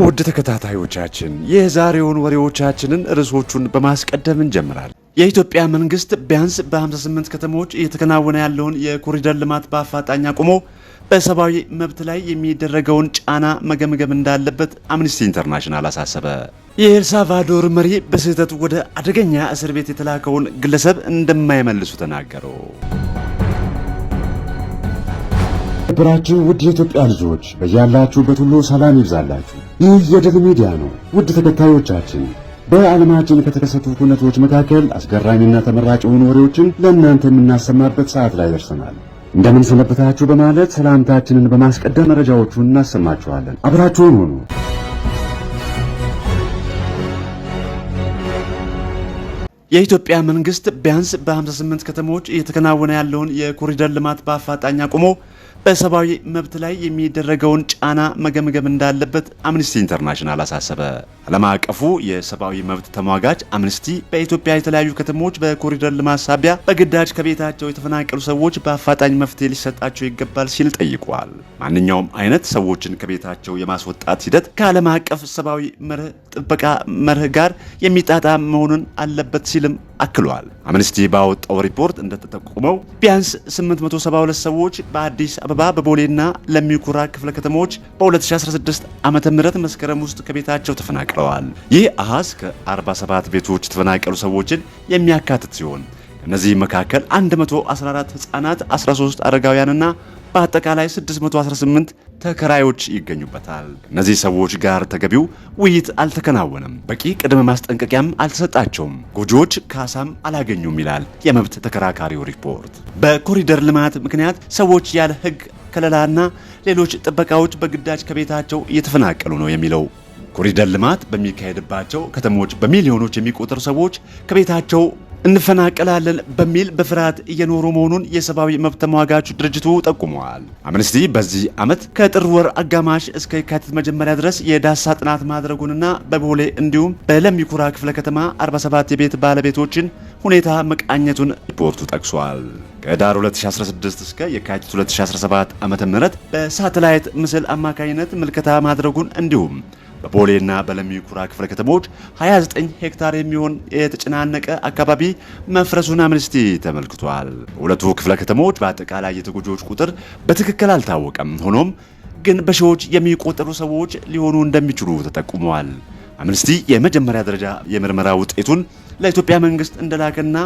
ውድ ተከታታዮቻችን የዛሬውን ወሬዎቻችንን ርዕሶቹን በማስቀደም እንጀምራል። የኢትዮጵያ መንግስት ቢያንስ በ58 ከተሞች እየተከናወነ ያለውን የኮሪደር ልማት በአፋጣኝ አቁሞ በሰብአዊ መብት ላይ የሚደረገውን ጫና መገምገም እንዳለበት አምኒስቲ ኢንተርናሽናል አሳሰበ። የኤልሳልቫዶር መሪ በስህተት ወደ አደገኛ እስር ቤት የተላከውን ግለሰብ እንደማይመልሱ ተናገሩ። ብራችሁ ውድ የኢትዮጵያ ልጆች በያላችሁበት ሁሉ ሰላም ይብዛላችሁ። ይህ የድል ሚዲያ ነው። ውድ ተከታዮቻችን በዓለማችን ከተከሰቱ ሁነቶች መካከል አስገራሚና ተመራጭ የሆኑ ወሬዎችን ለእናንተ የምናሰማበት ሰዓት ላይ ደርሰናል። እንደምን ሰነበታችሁ በማለት ሰላምታችንን በማስቀደም መረጃዎቹን እናሰማችኋለን። አብራችሁን ሁኑ። የኢትዮጵያ መንግሥት ቢያንስ በ58 ከተሞች እየተከናወነ ያለውን የኮሪደር ልማት በአፋጣኝ አቁሞ በሰብአዊ መብት ላይ የሚደረገውን ጫና መገምገም እንዳለበት አምኒስቲ ኢንተርናሽናል አሳሰበ። ዓለም አቀፉ የሰብአዊ መብት ተሟጋች አምኒስቲ በኢትዮጵያ የተለያዩ ከተሞች በኮሪደር ልማት ሳቢያ በግዳጅ ከቤታቸው የተፈናቀሉ ሰዎች በአፋጣኝ መፍትሄ ሊሰጣቸው ይገባል ሲል ጠይቋል። ማንኛውም አይነት ሰዎችን ከቤታቸው የማስወጣት ሂደት ከዓለም አቀፍ ሰብአዊ መርህ ጥበቃ መርህ ጋር የሚጣጣም መሆኑን አለበት ሲልም አክሏል። አምነስቲ ባወጣው ሪፖርት እንደተጠቆመው ቢያንስ 872 ሰዎች በአዲስ አበባ በቦሌና ለሚኩራ ክፍለ ከተሞች በ2016 ዓ ም መስከረም ውስጥ ከቤታቸው ተፈናቅለዋል። ይህ አሃዝ ከ47 ቤቶች የተፈናቀሉ ሰዎችን የሚያካትት ሲሆን ከነዚህ መካከል 114 ህጻናት፣ 13 አረጋውያንና በአጠቃላይ 618 ተከራዮች ይገኙበታል። ከእነዚህ ሰዎች ጋር ተገቢው ውይይት አልተከናወነም፣ በቂ ቅድመ ማስጠንቀቂያም አልተሰጣቸውም፣ ጎጆዎች ካሳም አላገኙም ይላል የመብት ተከራካሪው ሪፖርት። በኮሪደር ልማት ምክንያት ሰዎች ያለ ህግ ከለላና ሌሎች ጥበቃዎች በግዳጅ ከቤታቸው እየተፈናቀሉ ነው የሚለው ኮሪደር ልማት በሚካሄድባቸው ከተሞች በሚሊዮኖች የሚቆጠሩ ሰዎች ከቤታቸው እንፈናቀላለን በሚል በፍርሃት እየኖሩ መሆኑን የሰብአዊ መብት ተሟጋች ድርጅቱ ጠቁመዋል። አምነስቲ በዚህ ዓመት ከጥር ወር አጋማሽ እስከ የካቲት መጀመሪያ ድረስ የዳሳ ጥናት ማድረጉንና በቦሌ እንዲሁም በለሚኩራ ክፍለ ከተማ 47 የቤት ባለቤቶችን ሁኔታ መቃኘቱን ሪፖርቱ ጠቅሷል። ከዳር 2016 እስከ የካቲት 2017 ዓ.ም በሳተላይት ምስል አማካኝነት ምልከታ ማድረጉን እንዲሁም በቦሌና በለሚ ኩራ ክፍለ ከተሞች 29 ሄክታር የሚሆን የተጨናነቀ አካባቢ መፍረሱን አምነስቲ ተመልክቷል። ሁለቱ ክፍለ ከተሞች በአጠቃላይ የተጎጂዎች ቁጥር በትክክል አልታወቀም። ሆኖም ግን በሺዎች የሚቆጠሩ ሰዎች ሊሆኑ እንደሚችሉ ተጠቁመዋል። አምነስቲ የመጀመሪያ ደረጃ የምርመራ ውጤቱን ለኢትዮጵያ መንግስት እንደላከና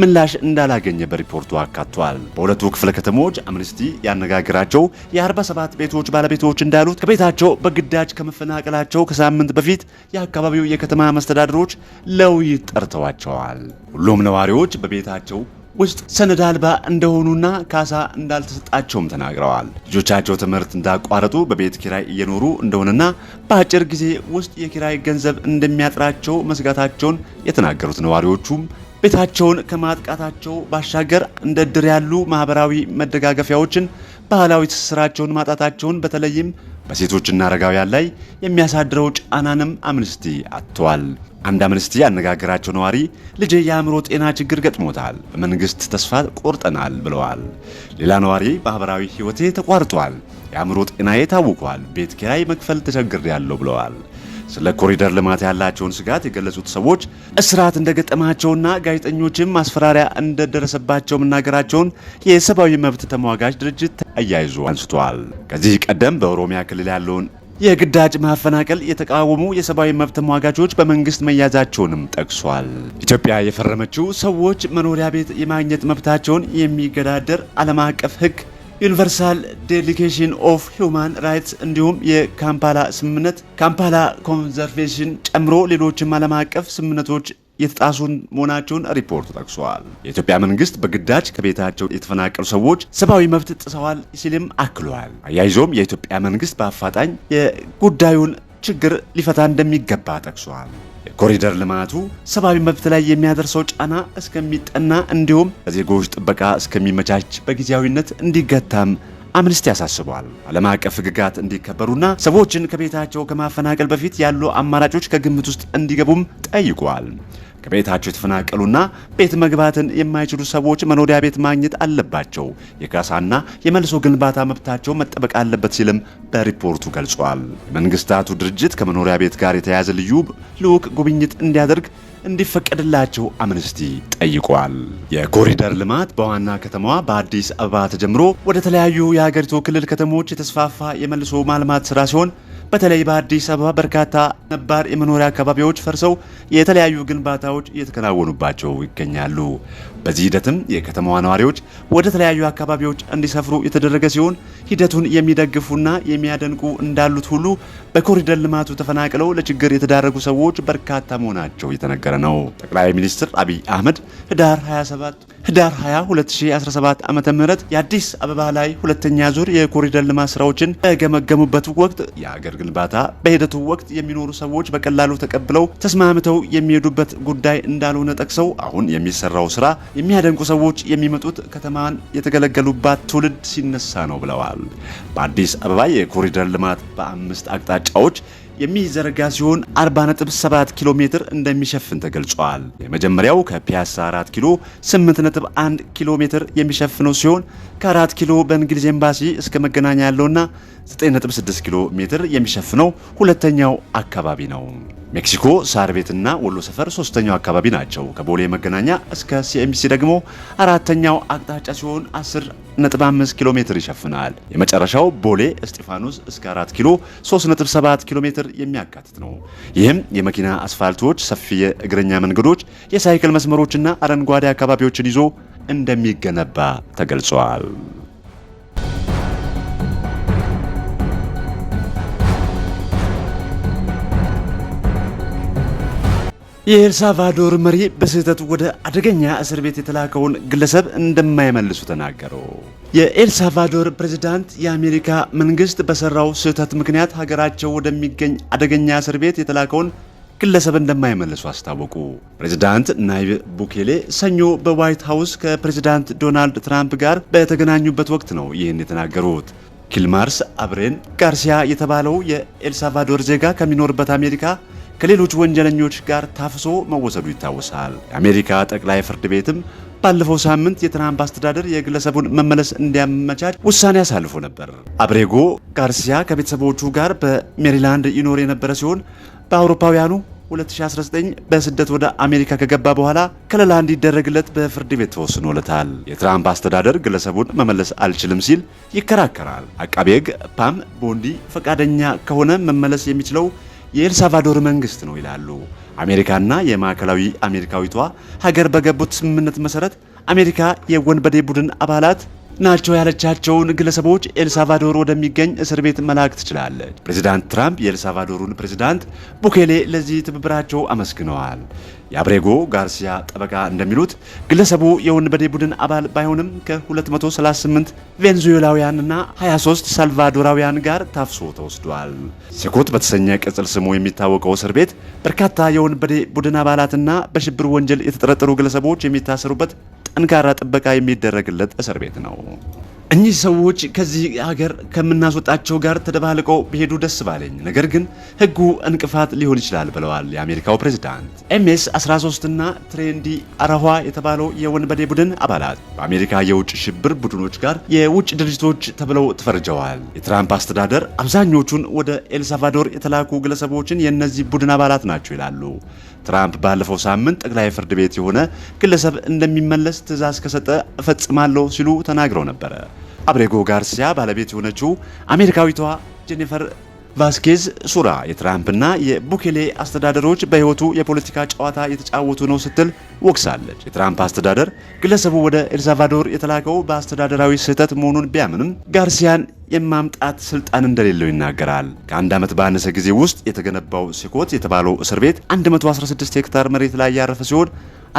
ምላሽ እንዳላገኘ በሪፖርቱ አካቷል። በሁለቱ ክፍለ ከተሞች አምነስቲ ያነጋግራቸው የ47 ቤቶች ባለቤቶች እንዳሉት ከቤታቸው በግዳጅ ከመፈናቀላቸው ከሳምንት በፊት የአካባቢው የከተማ መስተዳድሮች ለውይይት ጠርተዋቸዋል። ሁሉም ነዋሪዎች በቤታቸው ውስጥ ሰነድ አልባ እንደሆኑና ካሳ እንዳልተሰጣቸውም ተናግረዋል። ልጆቻቸው ትምህርት እንዳቋረጡ በቤት ኪራይ እየኖሩ እንደሆነና በአጭር ጊዜ ውስጥ የኪራይ ገንዘብ እንደሚያጥራቸው መስጋታቸውን የተናገሩት ነዋሪዎቹም ቤታቸውን ከማጥቃታቸው ባሻገር እንደ እድር ያሉ ማህበራዊ መደጋገፊያዎችን ባህላዊ ትስስራቸውን ማጣታቸውን በተለይም በሴቶችና አረጋውያን ላይ የሚያሳድረው ጫናንም አምንስቲ አጥተዋል። አንድ አምንስቲ ያነጋገራቸው ነዋሪ ልጄ የአእምሮ ጤና ችግር ገጥሞታል፣ በመንግስት ተስፋ ቆርጠናል ብለዋል። ሌላ ነዋሪ ማህበራዊ ህይወቴ ተቋርጧል፣ የአእምሮ ጤናዬ ታውቋል፣ ቤት ኪራይ መክፈል ተቸግሬያለሁ ብለዋል። ስለ ኮሪደር ልማት ያላቸውን ስጋት የገለጹት ሰዎች እስራት እንደገጠማቸውና ጋዜጠኞችም ማስፈራሪያ እንደደረሰባቸው መናገራቸውን የሰብአዊ መብት ተሟጋች ድርጅት አያይዞ አንስቷል። ከዚህ ቀደም በኦሮሚያ ክልል ያለውን የግዳጅ ማፈናቀል የተቃወሙ የሰብአዊ መብት ተሟጋቾች በመንግስት መያዛቸውንም ጠቅሷል። ኢትዮጵያ የፈረመችው ሰዎች መኖሪያ ቤት የማግኘት መብታቸውን የሚገዳደር ዓለም አቀፍ ህግ። ዩኒቨርሳል ዴሊጌሽን ኦፍ ሂውማን ራይትስ እንዲሁም የካምፓላ ስምምነት ካምፓላ ኮንዘርቬሽን ጨምሮ ሌሎችም ዓለም አቀፍ ስምምነቶች የተጣሱን መሆናቸውን ሪፖርቱ ጠቅሷል። የኢትዮጵያ መንግስት በግዳጅ ከቤታቸው የተፈናቀሉ ሰዎች ሰብአዊ መብት ጥሰዋል ሲልም አክሏል። አያይዞም የኢትዮጵያ መንግስት በአፋጣኝ የጉዳዩን ችግር ሊፈታ እንደሚገባ ጠቅሷል። ኮሪደር ልማቱ ሰብአዊ መብት ላይ የሚያደርሰው ጫና እስከሚጠና እንዲሁም ለዜጎች ጥበቃ እስከሚመቻች በጊዜያዊነት እንዲገታም አምነስቲ ያሳስበዋል። ዓለም አቀፍ ሕግጋት እንዲከበሩና ሰዎችን ከቤታቸው ከማፈናቀል በፊት ያሉ አማራጮች ከግምት ውስጥ እንዲገቡም ጠይቋል። ከቤታቸው የተፈናቀሉና ቤት መግባትን የማይችሉ ሰዎች መኖሪያ ቤት ማግኘት አለባቸው። የካሳና የመልሶ ግንባታ መብታቸው መጠበቅ አለበት ሲልም በሪፖርቱ ገልጿል። የመንግስታቱ ድርጅት ከመኖሪያ ቤት ጋር የተያያዘ ልዩ ልዑክ ጉብኝት እንዲያደርግ እንዲፈቀድላቸው አምነስቲ ጠይቋል። የኮሪደር ልማት በዋና ከተማዋ በአዲስ አበባ ተጀምሮ ወደ ተለያዩ የሀገሪቱ ክልል ከተሞች የተስፋፋ የመልሶ ማልማት ስራ ሲሆን በተለይ በአዲስ አበባ በርካታ ነባር የመኖሪያ አካባቢዎች ፈርሰው የተለያዩ ግንባታዎች እየተከናወኑባቸው ይገኛሉ። በዚህ ሂደትም የከተማዋ ነዋሪዎች ወደ ተለያዩ አካባቢዎች እንዲሰፍሩ የተደረገ ሲሆን ሂደቱን የሚደግፉና የሚያደንቁ እንዳሉት ሁሉ በኮሪደር ልማቱ ተፈናቅለው ለችግር የተዳረጉ ሰዎች በርካታ መሆናቸው የተነገረ ነው። ጠቅላይ ሚኒስትር አብይ አህመድ ህዳር 27 ህዳር 20 2017 ዓ ም የአዲስ አበባ ላይ ሁለተኛ ዙር የኮሪደር ልማት ስራዎችን በገመገሙበት ወቅት የሀገር ግንባታ በሂደቱ ወቅት የሚኖሩ ሰዎች በቀላሉ ተቀብለው ተስማምተው የሚሄዱበት ጉዳይ እንዳልሆነ ጠቅሰው አሁን የሚሰራው ስራ የሚያደንቁ ሰዎች የሚመጡት ከተማን የተገለገሉባት ትውልድ ሲነሳ ነው ብለዋል። በአዲስ አበባ የኮሪደር ልማት በአምስት አቅጣጫዎች የሚዘረጋ ሲሆን 47 ኪሎ ሜትር እንደሚሸፍን ተገልጿል። የመጀመሪያው ከፒያሳ 4 ኪሎ 81 ኪሎ ሜትር የሚሸፍነው ሲሆን ከ4 ኪሎ በእንግሊዝ ኤምባሲ እስከ መገናኛ ያለውና 96 ኪሎ ሜትር የሚሸፍነው ሁለተኛው አካባቢ ነው። ሜክሲኮ ሳር ቤትና ወሎ ሰፈር ሶስተኛው አካባቢ ናቸው። ከቦሌ መገናኛ እስከ ሲኤምሲ ደግሞ አራተኛው አቅጣጫ ሲሆን 10 5 ኪሎ ሜትር ይሸፍናል። የመጨረሻው ቦሌ እስጢፋኖስ እስከ 4 ኪሎ 3.7 ኪሎ ሜትር የሚያካትት ነው። ይህም የመኪና አስፋልቶች፣ ሰፊ የእግረኛ መንገዶች፣ የሳይክል መስመሮችና አረንጓዴ አካባቢዎችን ይዞ እንደሚገነባ ተገልጿል። የኤልሳልቫዶር መሪ በስህተት ወደ አደገኛ እስር ቤት የተላከውን ግለሰብ እንደማይመልሱ ተናገሩ። የኤልሳልቫዶር ፕሬዚዳንት የአሜሪካ መንግስት በሰራው ስህተት ምክንያት ሀገራቸው ወደሚገኝ አደገኛ እስር ቤት የተላከውን ግለሰብ እንደማይመልሱ አስታወቁ። ፕሬዚዳንት ናይብ ቡኬሌ ሰኞ በዋይት ሀውስ ከፕሬዚዳንት ዶናልድ ትራምፕ ጋር በተገናኙበት ወቅት ነው ይህን የተናገሩት። ኪልማርስ አብሬን ጋርሲያ የተባለው የኤልሳልቫዶር ዜጋ ከሚኖርበት አሜሪካ ከሌሎች ወንጀለኞች ጋር ታፍሶ መወሰዱ ይታወሳል። የአሜሪካ ጠቅላይ ፍርድ ቤትም ባለፈው ሳምንት የትራምፕ አስተዳደር የግለሰቡን መመለስ እንዲያመቻች ውሳኔ አሳልፎ ነበር። አብሬጎ ጋርሲያ ከቤተሰቦቹ ጋር በሜሪላንድ ይኖር የነበረ ሲሆን በአውሮፓውያኑ 2019 በስደት ወደ አሜሪካ ከገባ በኋላ ከለላ እንዲደረግለት በፍርድ ቤት ተወስኖለታል። የትራምፕ አስተዳደር ግለሰቡን መመለስ አልችልም ሲል ይከራከራል። አቃቤ ሕግ ፓም ቦንዲ ፈቃደኛ ከሆነ መመለስ የሚችለው የኤልሳልቫዶር መንግስት ነው ይላሉ። አሜሪካና የማዕከላዊ አሜሪካዊቷ ሀገር በገቡት ስምምነት መሰረት አሜሪካ የወንበዴ ቡድን አባላት ናቸው ያለቻቸውን ግለሰቦች ኤልሳልቫዶር ወደሚገኝ እስር ቤት መላክ ትችላለች። ፕሬዚዳንት ትራምፕ የኤልሳልቫዶሩን ፕሬዚዳንት ቡኬሌ ለዚህ ትብብራቸው አመስግነዋል። የአብሬጎ ጋርሲያ ጠበቃ እንደሚሉት ግለሰቡ የወንበዴ ቡድን አባል ባይሆንም ከ238 ቬንዙዌላውያንና 23 ሳልቫዶራውያን ጋር ታፍሶ ተወስዷል። ሴኮት በተሰኘ ቅጽል ስሙ የሚታወቀው እስር ቤት በርካታ የወንበዴ ቡድን አባላትና በሽብር ወንጀል የተጠረጠሩ ግለሰቦች የሚታሰሩበት ጠንካራ ጥበቃ የሚደረግለት እስር ቤት ነው። እኚህ ሰዎች ከዚህ ሀገር ከምናስወጣቸው ጋር ተደባልቀው ቢሄዱ ደስ ባለኝ፣ ነገር ግን ህጉ እንቅፋት ሊሆን ይችላል ብለዋል የአሜሪካው ፕሬዚዳንት። ኤምኤስ 13 እና ትሬንዲ አረኋ የተባለው የወንበዴ ቡድን አባላት በአሜሪካ የውጭ ሽብር ቡድኖች ጋር የውጭ ድርጅቶች ተብለው ተፈርጀዋል። የትራምፕ አስተዳደር አብዛኞቹን ወደ ኤልሳልቫዶር የተላኩ ግለሰቦችን የእነዚህ ቡድን አባላት ናቸው ይላሉ። ትራምፕ ባለፈው ሳምንት ጠቅላይ ፍርድ ቤት የሆነ ግለሰብ እንደሚመለስ ትእዛዝ ከሰጠ እፈጽማለሁ ሲሉ ተናግረው ነበረ። አብሬጎ ጋርሲያ ባለቤት የሆነችው አሜሪካዊቷ ጄኒፈር ቫስኬዝ ሱራ የትራምፕና የቡኬሌ አስተዳደሮች በሕይወቱ የፖለቲካ ጨዋታ የተጫወቱ ነው ስትል ወቅሳለች። የትራምፕ አስተዳደር ግለሰቡ ወደ ኤልሳልቫዶር የተላከው በአስተዳደራዊ ስህተት መሆኑን ቢያምንም ጋርሲያን የማምጣት ስልጣን እንደሌለው ይናገራል። ከአንድ ዓመት ባነሰ ጊዜ ውስጥ የተገነባው ሲኮት የተባለው እስር ቤት 116 ሄክታር መሬት ላይ ያረፈ ሲሆን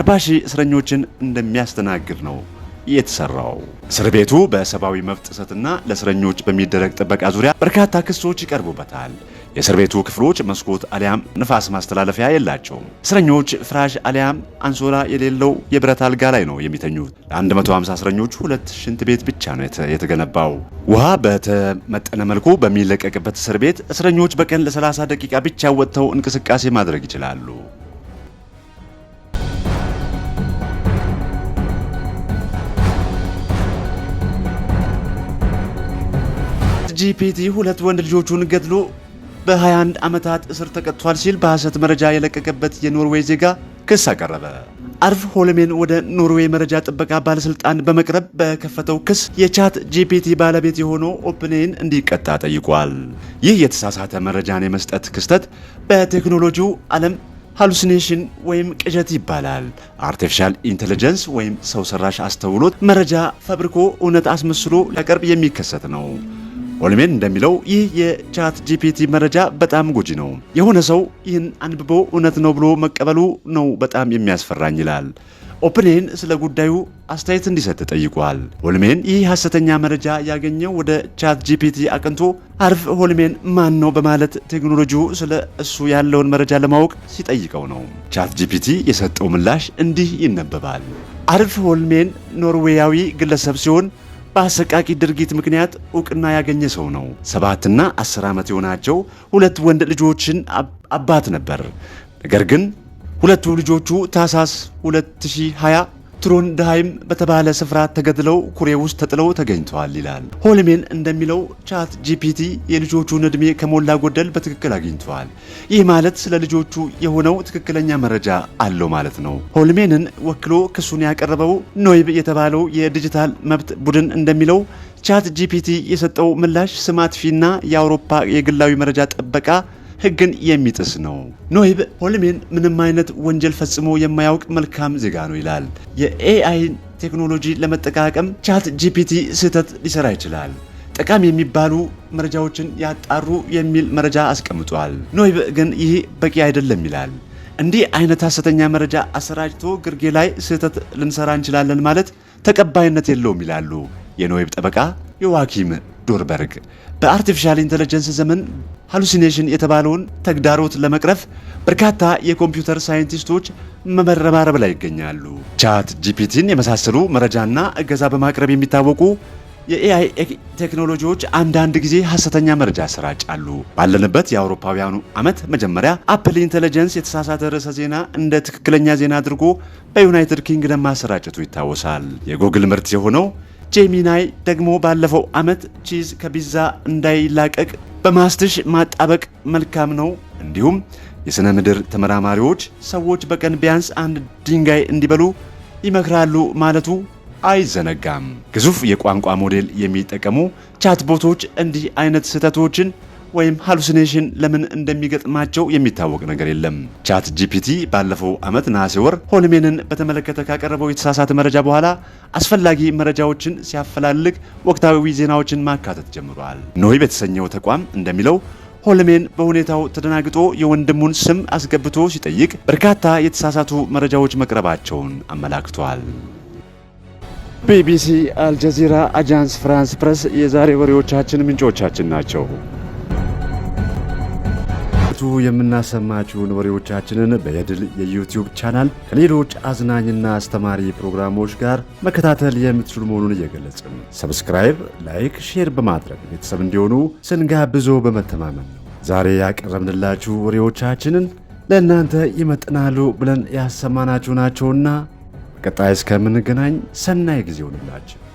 40 ሺህ እስረኞችን እንደሚያስተናግድ ነው የተሰራው። እስር ቤቱ በሰብአዊ መብት ጥሰትና ለእስረኞች በሚደረግ ጥበቃ ዙሪያ በርካታ ክሶች ይቀርቡበታል። የእስር ቤቱ ክፍሎች መስኮት አሊያም ንፋስ ማስተላለፊያ የላቸውም። እስረኞች ፍራሽ አሊያም አንሶላ የሌለው የብረት አልጋ ላይ ነው የሚተኙት። ለ150 እስረኞች ሁለት ሽንት ቤት ብቻ ነው የተገነባው። ውሃ በተመጠነ መልኩ በሚለቀቅበት እስር ቤት እስረኞች በቀን ለ30 ደቂቃ ብቻ ወጥተው እንቅስቃሴ ማድረግ ይችላሉ። ጂፒቲ ሁለት ወንድ ልጆቹን ገድሎ በ21 ዓመታት እስር ተቀጥቷል ሲል በሐሰት መረጃ የለቀቀበት የኖርዌይ ዜጋ ክስ አቀረበ። አርፍ ሆለሜን ወደ ኖርዌይ መረጃ ጥበቃ ባለስልጣን በመቅረብ በከፈተው ክስ የቻት ጂፒቲ ባለቤት የሆነው ኦፕኔን እንዲቀጣ ጠይቋል። ይህ የተሳሳተ መረጃን የመስጠት ክስተት በቴክኖሎጂው ዓለም ሃሉሲኔሽን ወይም ቅዠት ይባላል። አርቲፊሻል ኢንቴሊጀንስ ወይም ሰው ሰራሽ አስተውሎት መረጃ ፈብሪኮ እውነት አስመስሎ ሊያቀርብ የሚከሰት ነው። ኦልሜን እንደሚለው ይህ የቻት ጂፒቲ መረጃ በጣም ጎጂ ነው። የሆነ ሰው ይህን አንብቦ እውነት ነው ብሎ መቀበሉ ነው በጣም የሚያስፈራኝ ይላል። ኦፕኔን ስለ ጉዳዩ አስተያየት እንዲሰጥ ጠይቋል። ሆልሜን ይህ ሐሰተኛ መረጃ ያገኘው ወደ ቻት ጂፒቲ አቅንቶ አርፍ ሆልሜን ማን ነው በማለት ቴክኖሎጂው ስለ እሱ ያለውን መረጃ ለማወቅ ሲጠይቀው ነው። ቻት ጂፒቲ የሰጠው ምላሽ እንዲህ ይነበባል። አርፍ ሆልሜን ኖርዌያዊ ግለሰብ ሲሆን በአሰቃቂ ድርጊት ምክንያት እውቅና ያገኘ ሰው ነው። ሰባትና አስር ዓመት የሆናቸው ሁለት ወንድ ልጆችን አባት ነበር። ነገር ግን ሁለቱ ልጆቹ ታህሳስ 2020 ትሮንድሃይም በተባለ ስፍራ ተገድለው ኩሬ ውስጥ ተጥለው ተገኝተዋል ይላል። ሆልሜን እንደሚለው ቻት ጂፒቲ የልጆቹን ዕድሜ ከሞላ ጎደል በትክክል አግኝተዋል። ይህ ማለት ስለ ልጆቹ የሆነው ትክክለኛ መረጃ አለው ማለት ነው። ሆልሜንን ወክሎ ክሱን ያቀረበው ኖይብ የተባለው የዲጂታል መብት ቡድን እንደሚለው ቻት ጂፒቲ የሰጠው ምላሽ ስማትፊና የአውሮፓ የግላዊ መረጃ ጥበቃ ህግን የሚጥስ ነው። ኖይብ ሆልሜን ምንም አይነት ወንጀል ፈጽሞ የማያውቅ መልካም ዜጋ ነው ይላል። የኤአይ ቴክኖሎጂ ለመጠቃቀም ቻት ጂፒቲ ስህተት ሊሰራ ይችላል፣ ጠቃሚ የሚባሉ መረጃዎችን ያጣሩ የሚል መረጃ አስቀምጧል። ኖይብ ግን ይህ በቂ አይደለም ይላል። እንዲህ አይነት ሐሰተኛ መረጃ አሰራጭቶ ግርጌ ላይ ስህተት ልንሰራ እንችላለን ማለት ተቀባይነት የለውም ይላሉ የኖይብ ጠበቃ ዮዋኪም ዶርበርግ በአርቲፊሻል ኢንቴለጀንስ ዘመን ሃሉሲኔሽን የተባለውን ተግዳሮት ለመቅረፍ በርካታ የኮምፒውተር ሳይንቲስቶች መመረባረብ ላይ ይገኛሉ። ቻት ጂፒቲን የመሳሰሉ መረጃና እገዛ በማቅረብ የሚታወቁ የኤአይ ቴክኖሎጂዎች አንዳንድ ጊዜ ሀሰተኛ መረጃ ያሰራጫሉ። ባለንበት የአውሮፓውያኑ ዓመት መጀመሪያ አፕል ኢንቴለጀንስ የተሳሳተ ርዕሰ ዜና እንደ ትክክለኛ ዜና አድርጎ በዩናይትድ ኪንግደም ማሰራጨቱ ይታወሳል። የጉግል ምርት የሆነው ጄሚናይ ደግሞ ባለፈው ዓመት ቺዝ ከቢዛ እንዳይላቀቅ በማስትሽ ማጣበቅ መልካም ነው። እንዲሁም የሥነ ምድር ተመራማሪዎች ሰዎች በቀን ቢያንስ አንድ ድንጋይ እንዲበሉ ይመክራሉ ማለቱ አይዘነጋም። ግዙፍ የቋንቋ ሞዴል የሚጠቀሙ ቻትቦቶች እንዲህ አይነት ስህተቶችን ወይም ሃሉሲኔሽን ለምን እንደሚገጥማቸው የሚታወቅ ነገር የለም። ቻት ጂፒቲ ባለፈው ዓመት ነሐሴ ወር ሆልሜንን በተመለከተ ካቀረበው የተሳሳተ መረጃ በኋላ አስፈላጊ መረጃዎችን ሲያፈላልግ ወቅታዊ ዜናዎችን ማካተት ጀምሯል። ኖይ የተሰኘው ተቋም እንደሚለው ሆልሜን በሁኔታው ተደናግጦ የወንድሙን ስም አስገብቶ ሲጠይቅ በርካታ የተሳሳቱ መረጃዎች መቅረባቸውን አመላክቷል። ቢቢሲ፣ አልጀዚራ፣ አጃንስ ፍራንስ ፕረስ የዛሬ ወሬዎቻችን ምንጮቻችን ናቸው። በየሰዓቱ የምናሰማችሁን ወሬዎቻችንን በየድል የዩቲዩብ ቻናል ከሌሎች አዝናኝና አስተማሪ ፕሮግራሞች ጋር መከታተል የምትችሉ መሆኑን እየገለጽን ሰብስክራይብ፣ ላይክ፣ ሼር በማድረግ ቤተሰብ እንዲሆኑ ስንጋብዞ በመተማመን ነው ዛሬ ያቀረብንላችሁ ወሬዎቻችንን ለእናንተ ይመጥናሉ ብለን ያሰማናችሁ ናቸውና በቀጣይ እስከምንገናኝ ሰናይ ጊዜ ሆንላችሁ።